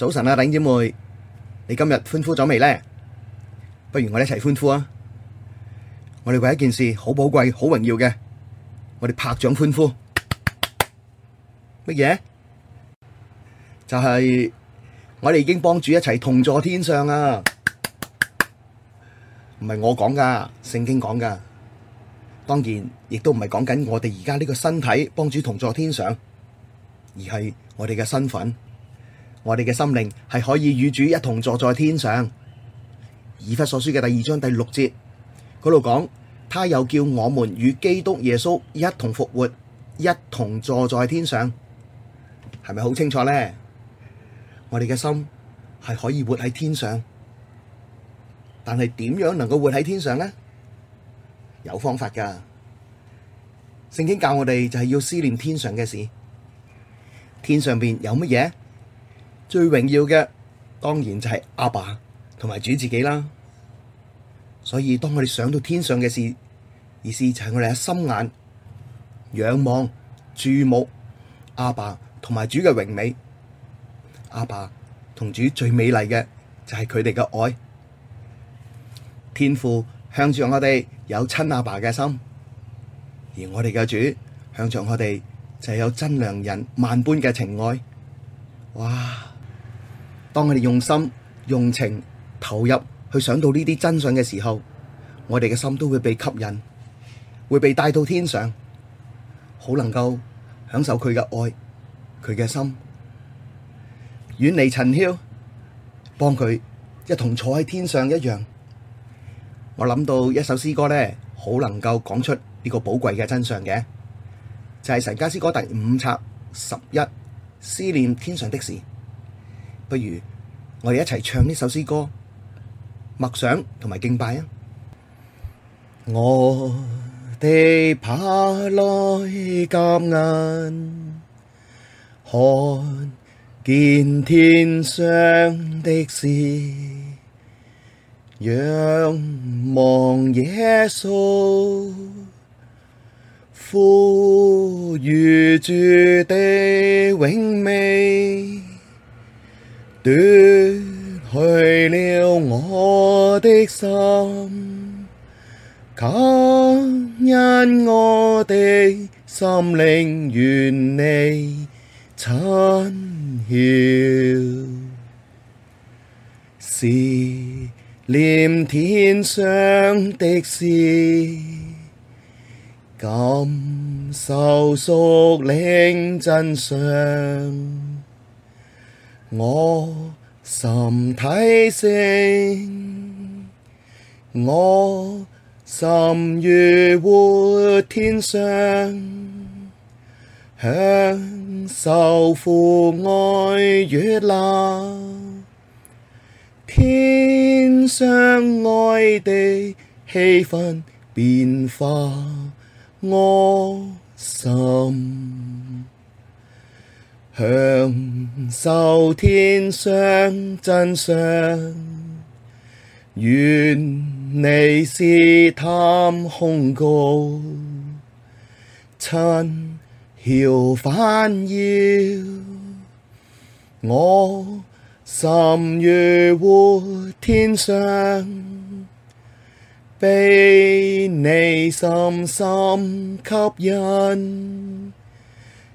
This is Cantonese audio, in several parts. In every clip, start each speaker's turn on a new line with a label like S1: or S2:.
S1: 早晨啊，頂姐妹，你今日歡呼咗未呢？不如我哋一齊歡呼啊！我哋為一件事好寶貴、好榮耀嘅，我哋拍掌歡呼。乜嘢？就係我哋已經幫主一齊同坐天上喇！唔係我講㗎，聖經講㗎。當然，亦都唔係講緊我哋而家呢個身體幫主同坐天上，而係我哋嘅身份。我哋嘅心靈係可以與主一同坐在天上。以弗所書嘅第二章第六節嗰度講，他又叫我們與基督耶穌一同復活，一同坐在天上，係咪好清楚呢？我哋嘅心係可以活喺天上，但係點樣能夠活喺天上呢？有方法噶。聖經教我哋就係要思念天上嘅事，天上邊有乜嘢？最榮耀嘅，當然就係阿爸同埋主自己啦。所以當我哋上到天上嘅事，意思就係我哋嘅心眼仰望注目阿爸同埋主嘅榮美。阿爸同主最美麗嘅就係佢哋嘅愛，天父向住我哋有親阿爸嘅心，而我哋嘅主向住我哋就係有真良人萬般嘅情愛。哇！當我哋用心、用情投入去想到呢啲真相嘅時候，我哋嘅心都會被吸引，會被帶到天上，好能夠享受佢嘅愛，佢嘅心，遠離塵囂，幫佢一同坐喺天上一樣。我諗到一首詩歌咧，好能夠講出呢個寶貴嘅真相嘅，就係《神家詩歌》第五冊十一《思念天上的事》。不如我哋一齊唱呢首詩歌，默想同埋敬拜啊！我的帕
S2: 內鴿眼，看見天上嘅事，仰望耶穌，父與主的榮美。奪去了我的心，吸引我的心靈，遠離塵囂，思念天上的事，感受屬靈真相。我心提升，我心如活天上，享受父愛悅納，天上愛的氣氛，變化我心。享受天上真相，遠離試探，控告。塵囂煩擾，我心如活天上，被你深深吸引。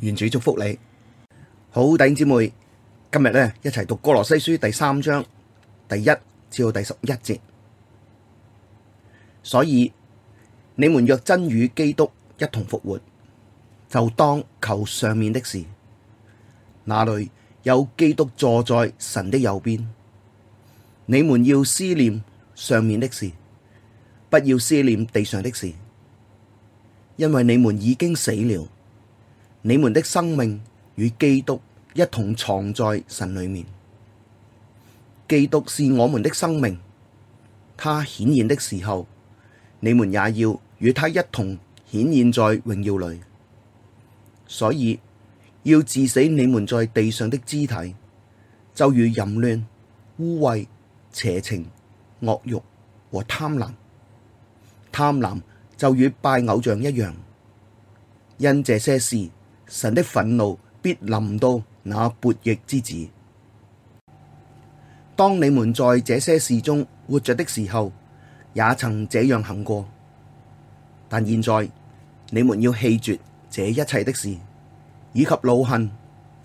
S1: 願主祝福你，好，弟兄姊妹，今日呢，一齊讀哥羅西書第三章第一至到第十一節。所以你們若真與基督一同復活，就當求上面的事。那裏有基督坐在神的右邊，你們要思念上面的事，不要思念地上的事，因為你們已經死了。你們的生命與基督一同藏在神裡面，基督是我們的生命，他顯現的時候，你們也要與他一同顯現在榮耀裡。所以要治死你們在地上的肢體，就如淫亂、污穢、邪情、惡慾和貪婪。貪婪就與拜偶像一樣，因這些事。神的忿怒必臨到那悖逆之子。當你們在這些事中活着的時候，也曾這樣行過。但現在你們要棄絕這一切的事，以及惱恨、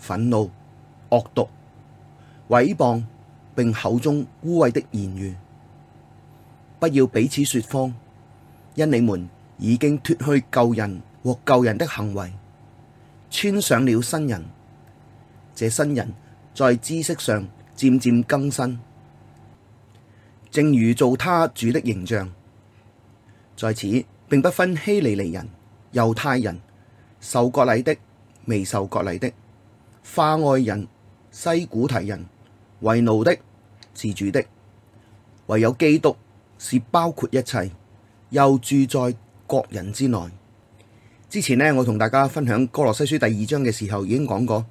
S1: 忿怒、惡毒、毀謗，並口中污穢的言語。不要彼此說謊，因你們已經脱去舊人和舊人的行為。穿上了新人，這新人在知識上漸漸更新，正如造他主的形像。在此，並不分希利尼人、猶太人、受割禮的、未受割禮的、化外人、西古提人、為奴的、自主的，唯有基督是包括一切，又住在各人之內。之前呢，我同大家分享《哥羅西書》第二章嘅時候，已經講過《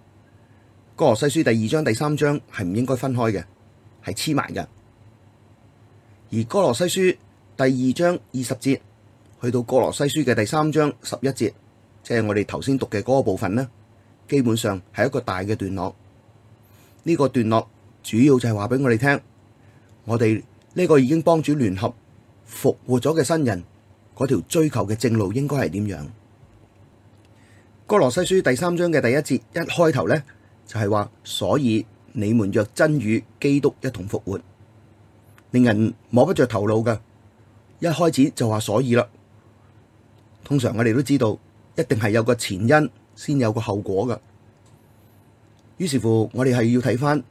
S1: 哥羅西書》第二章、第三章係唔應該分開嘅，係黐埋嘅。而《哥羅西書》第二章二十節去到《哥羅西書》嘅第三章十一節，即係我哋頭先讀嘅嗰個部分呢，基本上係一個大嘅段落。呢個段落主要就係話俾我哋聽，我哋呢個已經幫主聯合復活咗嘅新人嗰條追求嘅正路應該係點樣。《哥羅西書》第三章嘅第一節一開頭呢，就係話，所以你們若真與基督一同復活，令人摸不着頭腦嘅。一開始就話所以啦，通常我哋都知道，一定係有個前因先有個後果嘅。於是乎，我哋係要睇翻《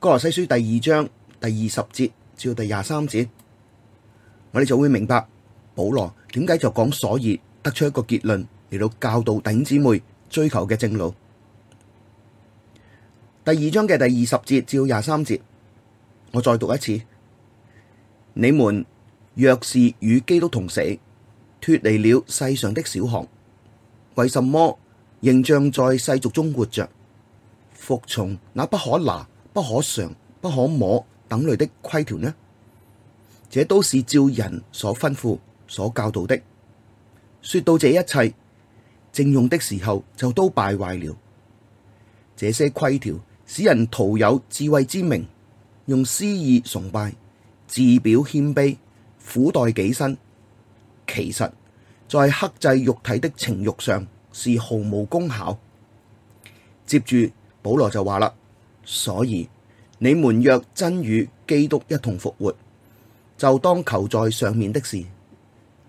S1: 哥羅西書》第二章第二十節至到第二十三節，我哋就會明白保羅點解就講所以得出一個結論。嚟到教導頂姊妹追求嘅正路，第二章嘅第二十節至廿三節，我再讀一次。你們若是與基督同死，脱離了世上的小學，為什麼仍像在世俗中活着，服從那不可拿、不可嘗、不可摸等類的規條呢？這都是照人所吩咐、所教導的。說到這一切。正用的時候就都敗壞了。這些規條使人徒有智慧之名，用私意崇拜，自表謙卑，苦待己身。其實在克制肉體的情慾上是毫無功效。接住保羅就話啦，所以你們若真與基督一同復活，就當求在上面的事。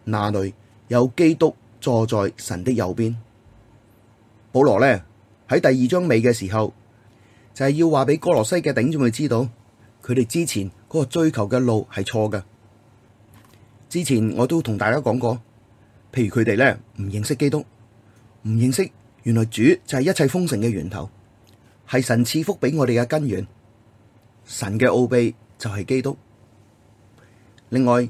S1: 那裏有基督，坐在神的右邊。保羅呢，喺第二章尾嘅時候，就係、是、要話俾哥羅西嘅頂眾去知道，佢哋之前嗰個追求嘅路係錯嘅。之前我都同大家講過，譬如佢哋呢，唔認識基督，唔認識原來主就係一切豐盛嘅源頭，係神賜福俾我哋嘅根源。神嘅奧秘就係基督。另外，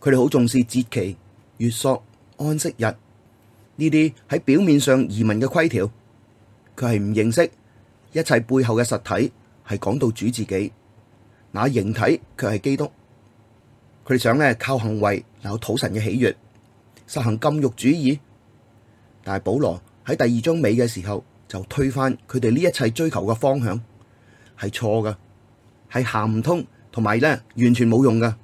S1: 佢哋好重視節期、月朔、安息日。呢啲喺表面上移民嘅規條，佢係唔認識一切背後嘅實體，係講到主自己，那形體卻係基督。佢哋想咧靠行為嚟到討神嘅喜悅，實行禁慾主義。但係保羅喺第二章尾嘅時候就推翻佢哋呢一切追求嘅方向係錯噶，係行唔通，同埋咧完全冇用噶。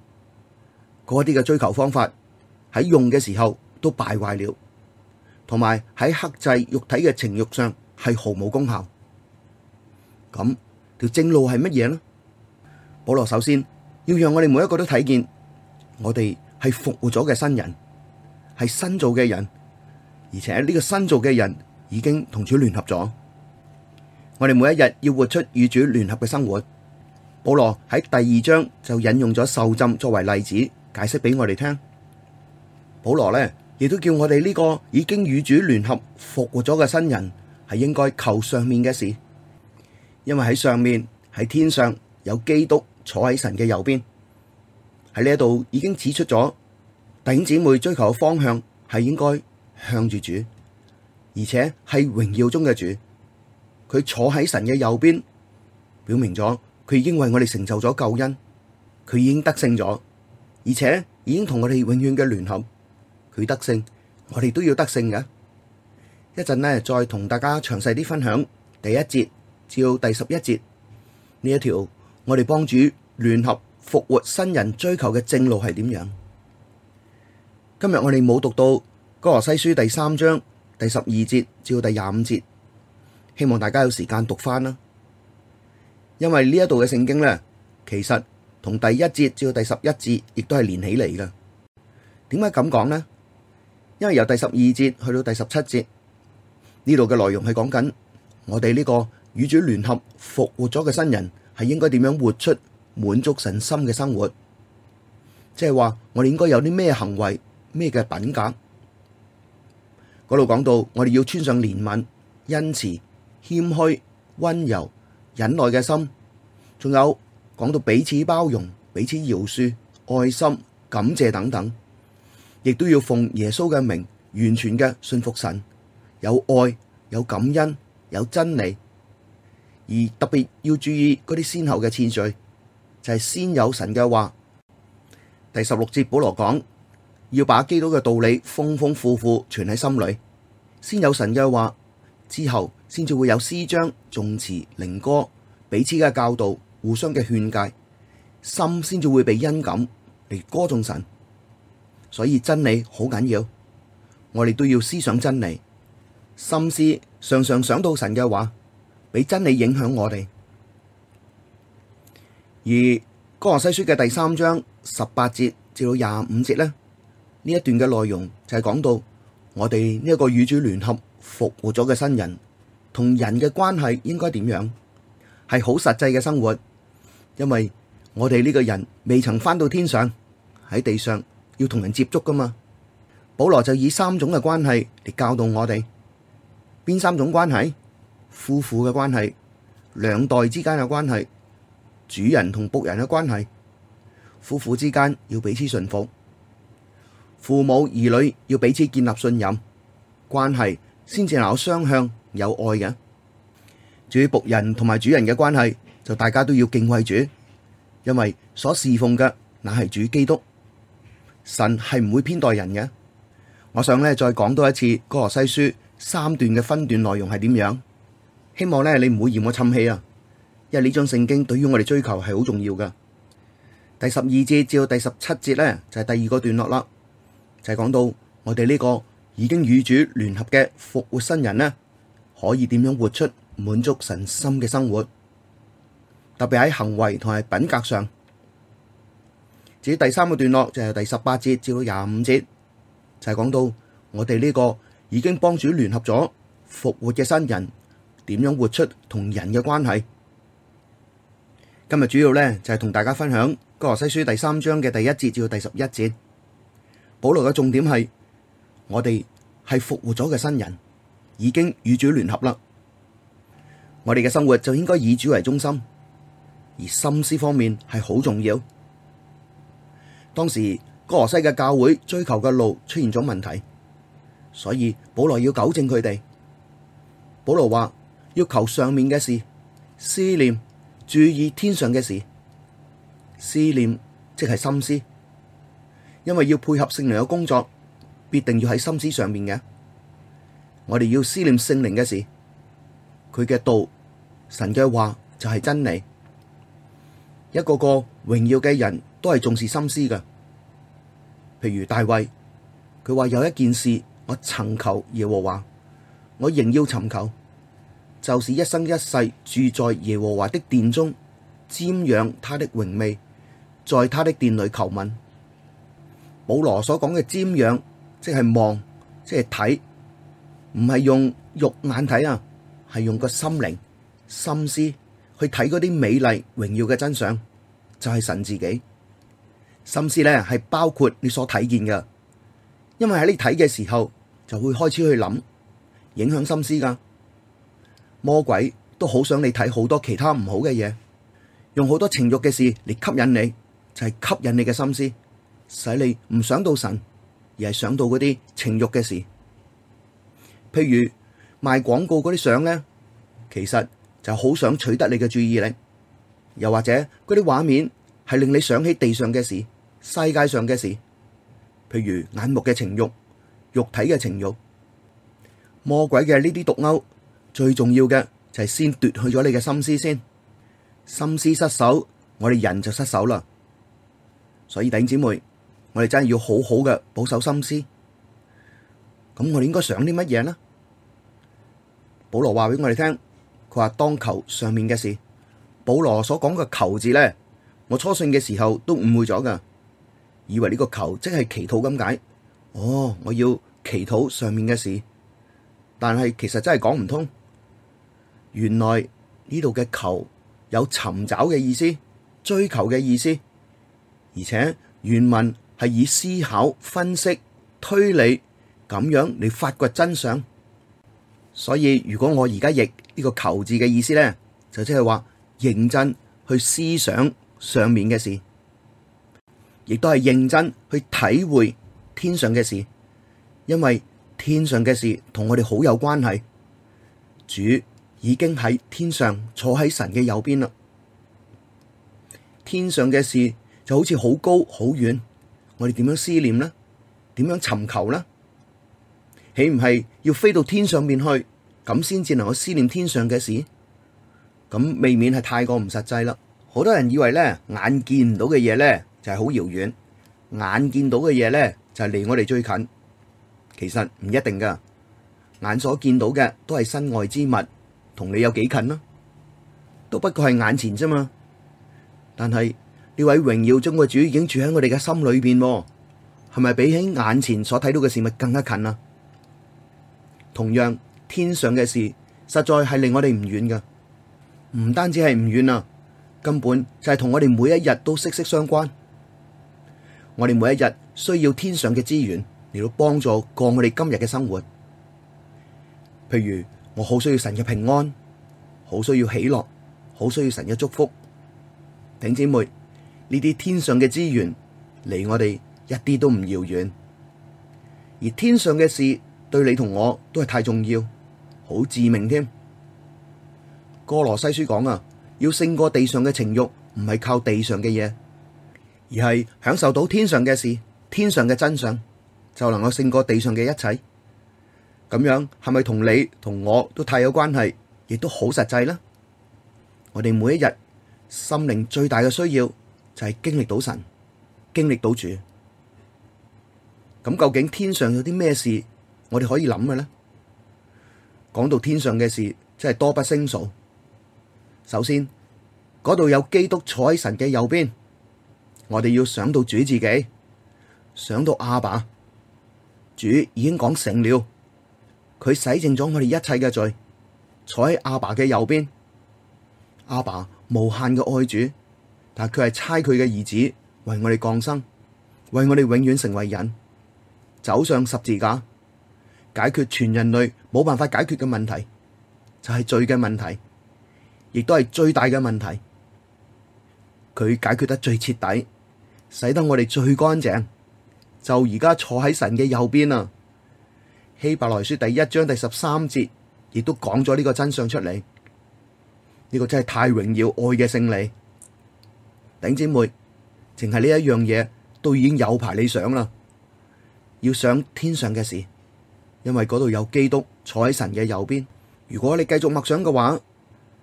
S1: 嗰啲嘅追求方法喺用嘅時候都敗壞了。同埋喺克制肉體嘅情欲上係毫無功效。咁條正路係乜嘢呢？保羅首先要讓我哋每一個都睇見，我哋係復活咗嘅新人，係新造嘅人，而且呢個新造嘅人已經同主聯合咗。我哋每一日要活出與主聯合嘅生活。保羅喺第二章就引用咗受浸作為例子，解釋俾我哋聽。保羅呢？亦都叫我哋呢個已經與主聯合復活咗嘅新人，係應該求上面嘅事，因為喺上面喺天上有基督坐喺神嘅右邊，喺呢一度已經指出咗弟兄姊妹追求嘅方向係應該向住主，而且係榮耀中嘅主，佢坐喺神嘅右邊，表明咗佢已經為我哋成就咗救恩，佢已經得勝咗，而且已經同我哋永遠嘅聯合。佢得勝，我哋都要得勝嘅。一陣呢，再同大家詳細啲分享第一節至到第十一節呢一條，我哋幫主聯合復活新人追求嘅正路係點樣？今日我哋冇讀到哥羅西書第三章第十二節至到第廿五節，希望大家有時間讀翻啦。因為呢一度嘅聖經呢，其實同第一節至到第十一節亦都係連起嚟噶。點解咁講呢？因為由第十二節去到第十七節呢度嘅內容係講緊我哋呢個與主聯合復活咗嘅新人係應該點樣活出滿足神心嘅生活，即係話我哋應該有啲咩行為咩嘅品格？嗰度講到我哋要穿上憐憫、恩慈、謙虛、溫柔、忍耐嘅心，仲有講到彼此包容、彼此饒恕、愛心、感謝等等。亦都要奉耶穌嘅名完全嘅信服神，有愛有感恩有真理，而特別要注意嗰啲先後嘅次序，就係先有神嘅話。第十六節保羅講，要把基督嘅道理豐豐富富存喺心裏，先有神嘅話之後，先至會有詩章頌詞靈歌彼此嘅教導，互相嘅勸誡，心先至會被恩感嚟歌頌神。所以真理好緊要，我哋都要思想真理，心思常常想到神嘅話，俾真理影響我哋。而《歌羅西書》嘅第三章十八節至到廿五節咧，呢一段嘅內容就係講到我哋呢一個與主聯合復活咗嘅新人同人嘅關係應該點樣係好實際嘅生活，因為我哋呢個人未曾翻到天上，喺地上，要同人接觸噶嘛？保羅就以三種嘅關係嚟教導我哋，邊三種關係？夫婦嘅關係，兩代之間嘅關係，主人同僕人嘅關係。夫婦之間要彼此信服，父母兒女要彼此建立信任關係，先至能夠雙向有愛嘅。主僕人同埋主人嘅關係就大家都要敬畏主，因為所侍奉嘅乃係主基督。神係唔會偏待人嘅，我想咧再講多一次《哥羅西書》三段嘅分段內容係點樣？希望咧你唔會嫌我沉氣啊！因為呢張聖經對於我哋追求係好重要噶。第十二節至到第十七節咧就係第二個段落啦，就係講到我哋呢個已經與主聯合嘅復活新人呢，可以點樣活出滿足神心嘅生活，特別喺行為同係品格上。至於第三個段落就係第十八節至到廿五節，就係講到我哋呢個已經幫主聯合咗復活嘅新人點樣活出同人嘅關係。今日主要咧就係同大家分享哥羅西書第三章嘅第一節至到第十一節。保羅嘅重點係我哋係復活咗嘅新人，已經與主聯合啦。我哋嘅生活就應該以主為中心，而心思方面係好重要。當時歌羅西嘅教會追求嘅路出現咗問題，所以保羅要糾正佢哋。保羅話：要求上面嘅事，思念、注意天上嘅事。思念即係心思，因為要配合聖靈嘅工作，必定要喺心思上面嘅。我哋要思念聖靈嘅事，佢嘅道、神嘅話就係真理。一個個榮耀嘅人。都係重視心思嘅，譬如大衛，佢話，有一件事我曾求耶和華，我仍要尋求，就是一生一世住在耶和華的殿中，瞻仰他的榮美，在他的殿裏求問。保羅所講嘅瞻仰，即係望，即係睇，唔係用肉眼睇啊，係用個心靈、心思去睇嗰啲美麗榮耀嘅真相，就係神自己。心思咧係包括你所睇見嘅，因為喺你睇嘅時候就會開始去諗，影響心思噶。魔鬼都好想你睇好多其他唔好嘅嘢，用好多情欲嘅事嚟吸引你，就係吸引你嘅心思，使你唔想到神，而係想到嗰啲情欲嘅事。譬如賣廣告嗰啲相咧，其實就好想取得你嘅注意力，又或者嗰啲畫面係令你想起地上嘅事。世界上嘅事，譬如眼目嘅情欲、肉體嘅情欲、魔鬼嘅呢啲毒鈎，最重要嘅就係先奪去咗你嘅心思先，心思失守，我哋人就失守啦。所以弟兄姊妹，我哋真係要好好嘅保守心思。咁我哋應該想啲乜嘢呢？保羅話俾我哋聽，佢話當求上面嘅事。保羅所講嘅求字咧，我初信嘅時候都誤會咗㗎。以為呢個求即係祈禱咁解，哦，我要祈禱上面嘅事，但係其實真係講唔通。原來呢度嘅求有尋找嘅意思、追求嘅意思，而且原文係以思考、分析、推理咁樣嚟發掘真相。所以如果我而家譯呢個求字嘅意思呢，就即係話認真去思想上面嘅事。亦都係認真去體會天上嘅事，因為天上嘅事同我哋好有關係。主已經喺天上坐喺神嘅右邊啦，天上嘅事就好似好高好遠，我哋點樣思念呢？點樣尋求呢？豈唔係要飛到天上面去咁先至能夠思念天上嘅事？咁未免係太過唔實際啦。好多人以為咧，眼見唔到嘅嘢咧，就係好遙遠，眼見到嘅嘢呢，就係、是、離我哋最近，其實唔一定噶。眼所見到嘅都係身外之物，同你有幾近咯？啊？都不過係眼前啫嘛。但係呢位榮耀中國主已經住喺我哋嘅心裏邊，啊，係咪比起眼前所睇到嘅事物更加近啊？同樣天上嘅事，實在係離我哋唔遠噶。唔單止係唔遠啊，根本就係同我哋每一日都息息相關。我哋每一日需要天上嘅資源嚟到幫助過我哋今日嘅生活，譬如我好需要神嘅平安，好需要喜樂，好需要神嘅祝福。弟兄姊妹，呢啲天上嘅資源離我哋一啲都唔遙遠，而天上嘅事對你同我都係太重要，好致命添。哥羅西書講啊，要勝過地上嘅情慾，唔係靠地上嘅嘢。而係享受到天上嘅事，天上嘅真相，就能夠勝過地上嘅一切。咁樣係咪同你同我都太有關係，亦都好實際咧？我哋每一日心靈最大嘅需要就係經歷到神，經歷到主。咁究竟天上有啲咩事，我哋可以諗嘅呢？講到天上嘅事，真係多不勝數。首先，嗰度有基督坐喺神嘅右邊。我哋要想到主自己，想到阿爸，主已經講成了，佢洗淨咗我哋一切嘅罪，坐喺阿爸嘅右邊。阿爸無限嘅愛主，但佢係差佢嘅兒子為我哋降生，為我哋永遠成為人，走上十字架，解決全人類冇辦法解決嘅問題，就係罪嘅問題，亦都係最大嘅問題，佢解決得最徹底。使得我哋最乾淨，就而家坐喺神嘅右邊啊！希伯來書第一章第十三節亦都講咗呢個真相出嚟，呢、這個真係太榮耀愛嘅勝利。頂姊妹，淨係呢一樣嘢都已經有排你想啦，要想天上嘅事，因為嗰度有基督坐喺神嘅右邊。如果你繼續默想嘅話，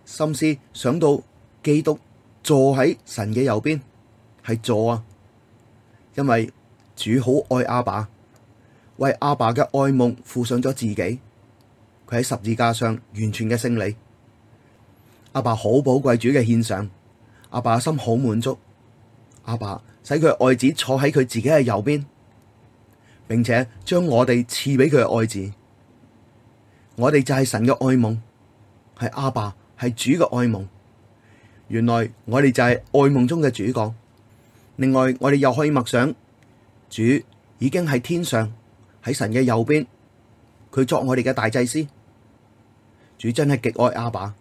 S1: 心思想到基督坐喺神嘅右邊，係坐啊！因為主好愛阿爸，為阿爸嘅愛夢付上咗自己，佢喺十字架上完全嘅勝利。阿爸好寶貴主嘅獻上，阿爸心好滿足，阿爸使佢愛子坐喺佢自己嘅右邊，並且將我哋賜俾佢嘅愛子。我哋就係神嘅愛夢，係阿爸，係主嘅愛夢。原來我哋就係愛夢中嘅主角。另外，我哋又可以默想主已經喺天上喺神嘅右邊，佢作我哋嘅大祭司。主真係極愛阿爸，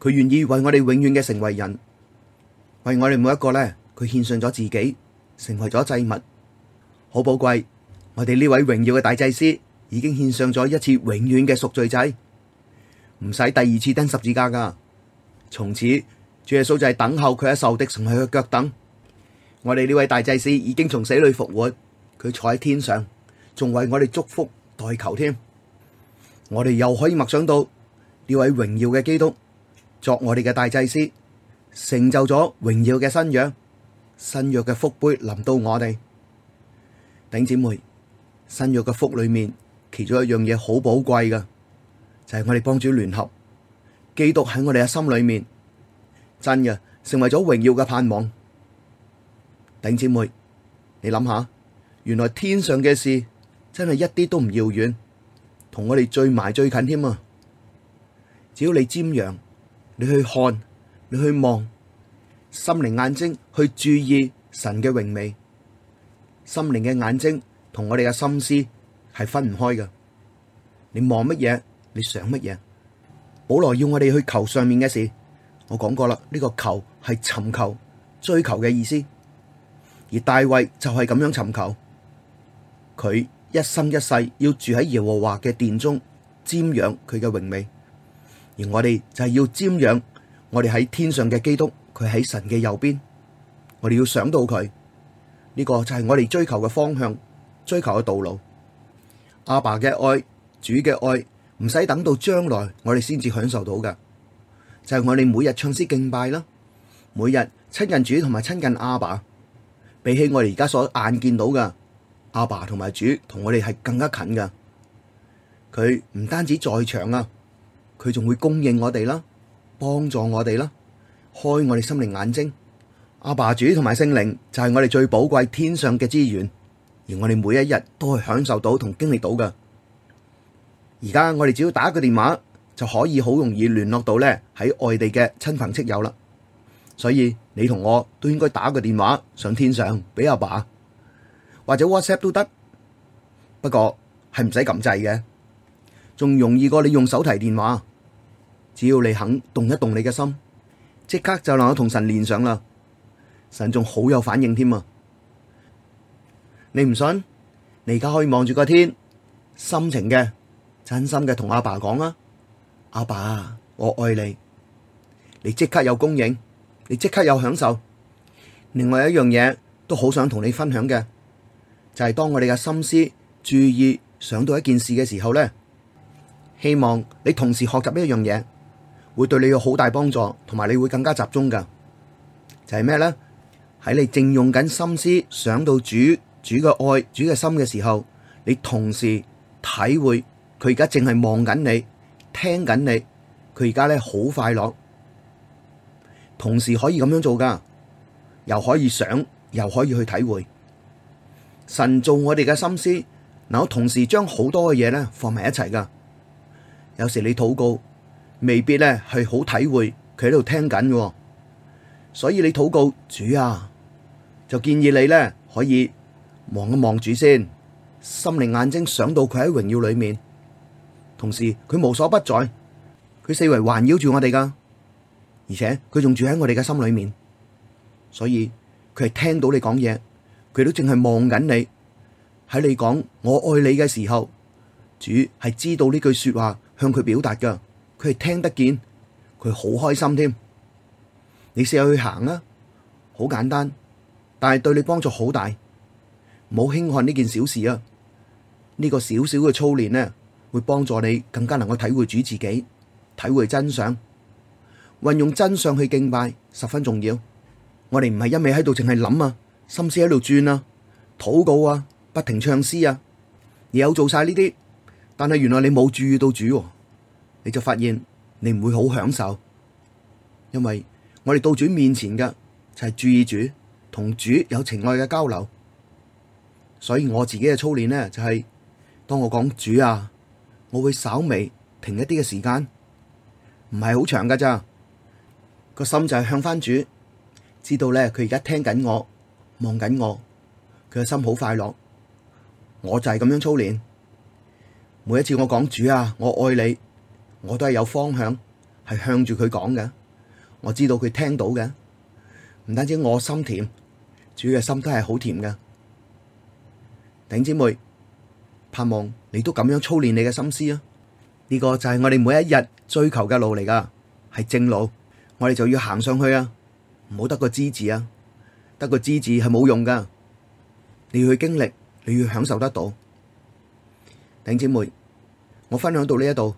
S1: 佢願意為我哋永遠嘅成為人，為我哋每一個咧，佢獻上咗自己，成為咗祭物，好寶貴。我哋呢位榮耀嘅大祭司已經獻上咗一次永遠嘅贖罪祭，唔使第二次釘十字架㗎。從此主耶穌就係等候佢嘅仇敵，成為佢嘅腳凳。我哋呢位大祭司已經從死裏復活，佢坐喺天上，仲為我哋祝福代求添。我哋又可以默想到呢位榮耀嘅基督作我哋嘅大祭司，成就咗榮耀嘅新約，新約嘅福杯臨到我哋。弟兄姊妹，新約嘅福裡面其中一樣嘢好寶貴嘅，就係、是、我哋幫主聯合，基督喺我哋嘅心裡面，真嘅成為咗榮耀嘅盼望。弟兄姊妹，你諗下，原來天上嘅事真係一啲都唔遙遠，同我哋最埋最近添啊！只要你瞻仰，你去看，你去望，心靈眼睛去注意神嘅榮美，心靈嘅眼睛同我哋嘅心思係分唔開㗎。你望乜嘢？你想乜嘢？保羅要我哋去求上面嘅事，我講過啦，呢個求係尋求、追求嘅意思。而大衛就係咁樣尋求，佢一生一世要住喺耶和華嘅殿中，瞻仰佢嘅榮美。而我哋就係要瞻仰我哋喺天上嘅基督，佢喺神嘅右邊，我哋要想到佢呢，這個就係我哋追求嘅方向，追求嘅道路。阿爸嘅愛，主嘅愛，唔使等到將來我哋先至享受到㗎，就係、是、我哋每日唱詩敬拜啦，每日親近主同埋親近阿爸。比起我哋而家所眼見到嘅，阿爸同埋主同我哋係更加近噶，佢唔單止在場啊，佢仲會供應我哋啦，幫助我哋啦，開我哋心靈眼睛。阿爸、主同埋聖靈就係我哋最寶貴天上嘅資源，而我哋每一日都係享受到同經歷到嘅。而家我哋只要打一個電話就可以好容易聯絡到咧喺外地嘅親朋戚友啦。所以你同我都應該打個電話上天上俾阿爸，爸，或者 WhatsApp 都得，不過係唔使撳掣嘅，仲容易過你用手提電話。只要你肯動一動你嘅心，即刻就能夠同神連上啦。神仲好有反應添啊！你唔信，你而家可以望住個天，心情嘅，真心嘅同阿爸講啊！阿爸，爸，我愛你，你即刻有供應。你即刻有享受。另外一樣嘢都好想同你分享嘅，就係當我哋嘅心思注意想到一件事嘅時候呢，希望你同時學習一樣嘢，會對你有好大幫助，同埋你會更加集中噶。就係咩呢？喺你正用緊心思想到主、主嘅愛、主嘅心嘅時候，你同時體會佢而家淨係望緊你、聽緊你，佢而家咧好快樂。同時可以咁樣做噶，又可以想，又可以去體會神做我哋嘅心思。能同時將好多嘅嘢咧放埋一齊噶。有時你禱告，未必咧係好體會佢喺度聽緊嘅，所以你禱告主啊，就建議你咧可以望一望主先，心靈眼睛想到佢喺榮耀裏面，同時佢無所不在，佢四圍環繞住我哋噶。而且佢仲住喺我哋嘅心裏面，所以佢係聽到你講嘢，佢都淨係望緊你。喺你講我愛你嘅時候，主係知道呢句說話向佢表達噶，佢係聽得見，佢好開心添。你試下去行啦，好簡單，但係對你幫助好大。冇輕看呢件小事啊，呢個少少嘅操練呢，會幫助你更加能夠體會主自己，體會真相。運用真相去敬拜十分重要，我哋唔係一味喺度淨係諗啊，心思喺度轉啊，禱告啊，不停唱詩啊，而有做晒呢啲，但係原來你冇注意到主，你就發現你唔會好享受，因為我哋到主面前嘅就係、是、注意主，同主有情愛嘅交流，所以我自己嘅操練呢、就是，就係當我講主啊，我會稍微停一啲嘅時間，唔係好長嘅咋。個心就係向翻主，知道咧佢而家聽緊我，望緊我，佢個心好快樂。我就係咁樣操練，每一次我講主啊，我愛你，我都係有方向，係向住佢講嘅。我知道佢聽到嘅，唔單止我心甜，主嘅心都係好甜嘅。頂姐妹，盼望你都咁樣操練你嘅心思啊！呢個就係我哋每一日追求嘅路嚟噶，係正路。我哋就要行上去啊！唔好得個知字啊，得個知字係冇用噶。你要去經歷，你要享受得到。頂姐妹，我分享到呢一度，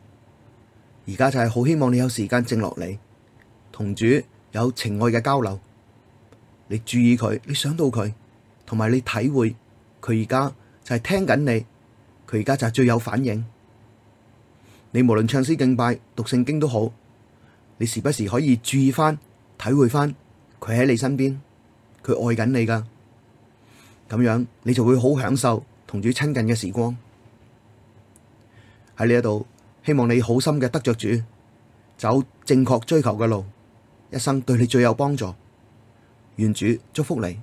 S1: 而家就係好希望你有時間靜落嚟，同主有情愛嘅交流。你注意佢，你想到佢，同埋你體會佢而家就係聽緊你，佢而家就係最有反應。你無論唱詩敬拜、讀聖經都好。你時不時可以注意翻、體會翻佢喺你身邊，佢愛緊你㗎，咁樣你就會好享受同主親近嘅時光。喺呢一度，希望你好心嘅得着主，走正確追求嘅路，一生對你最有幫助。願主祝福你。